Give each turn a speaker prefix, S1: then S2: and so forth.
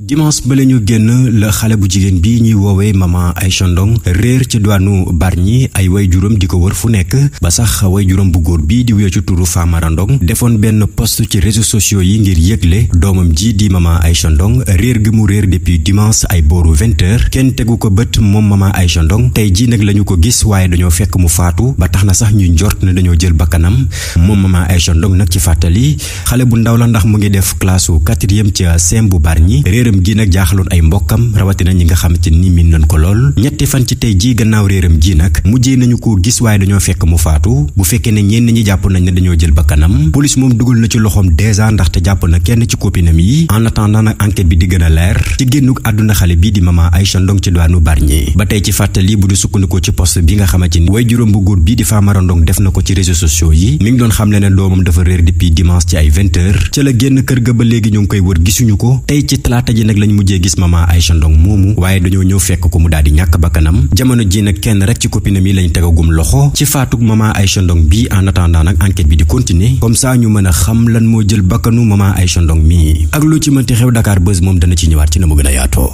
S1: dimanche ba la ñu génn la xale bu jigéen bi ñuy woowee maman ay Ndong réer ci diwaanu Bargny ay waajuram di ko wër fu nekk ba sax waajuram bu góor bii di wuyoo ci turu Famara Ndong defoon benn post ci réseaux sociaux yi ngir yëgle doomam jii di maman ay Ndong réer gi mu réer depuis dimanche ay booru 20 kenn tegu ko bët moom maman ay Ndong tey jii nag la ñu ko gis waaye dañoo fekk mu faatu ba tax na sax ñu njort na dañoo jël bakkanam moom maman Aïcha Ndong nag ci fàttali xale bu ndaw ndax mu ngi def classe quatrième ci sem bu Bargny dem gi nag jaaxaloon ay mbokkam rawatina ñi nga xam xamante ni miin nañ ko lool ñetti fan ci tey jii gannaaw réeram ji nag mujjee nañu ko gis waaye dañoo fekk mu faatu bu fekkee ne ñenn ñi jàpp nañ ne dañoo jël bakkanam police moom dugal na ci loxoom dèjà ndaxte jàpp na kenn ci copinam yi en attendant nag enquête bi di gën a leer ci génnug àdduna xale bii di maman Aïcha Ndong ci diwaanu Bargny ba tey ci fàttali bu di sukkandiku ci poste bi nga xamante ni way juróom bu góor bii di Famara Ndong def na ko ci réseaux sociaux yi mi ngi doon xam le ne doomam dafa réer depuis dimanche ci ay 20 heures léegi ñoo ngi koy wër gisuñu ko tey ci talaata ji nag lañ mujjee gis maman Aïcha Ndong moomu waaye dañoo ñëw fekk ko mu daal di ñàkk bakkanam jamono ji nag kenn rek ci copinam yi lañ tegagum loxo ci faatug maman Aïcha Ndong bi en attendant nag enquête bi di continuer comme ça ñu mën a xam lan moo jël bakkanu maman Aïcha Ndong mii ak lu ci mënti xew Dakar bés moom dana ci ñëwaat ci na mu a yaatoo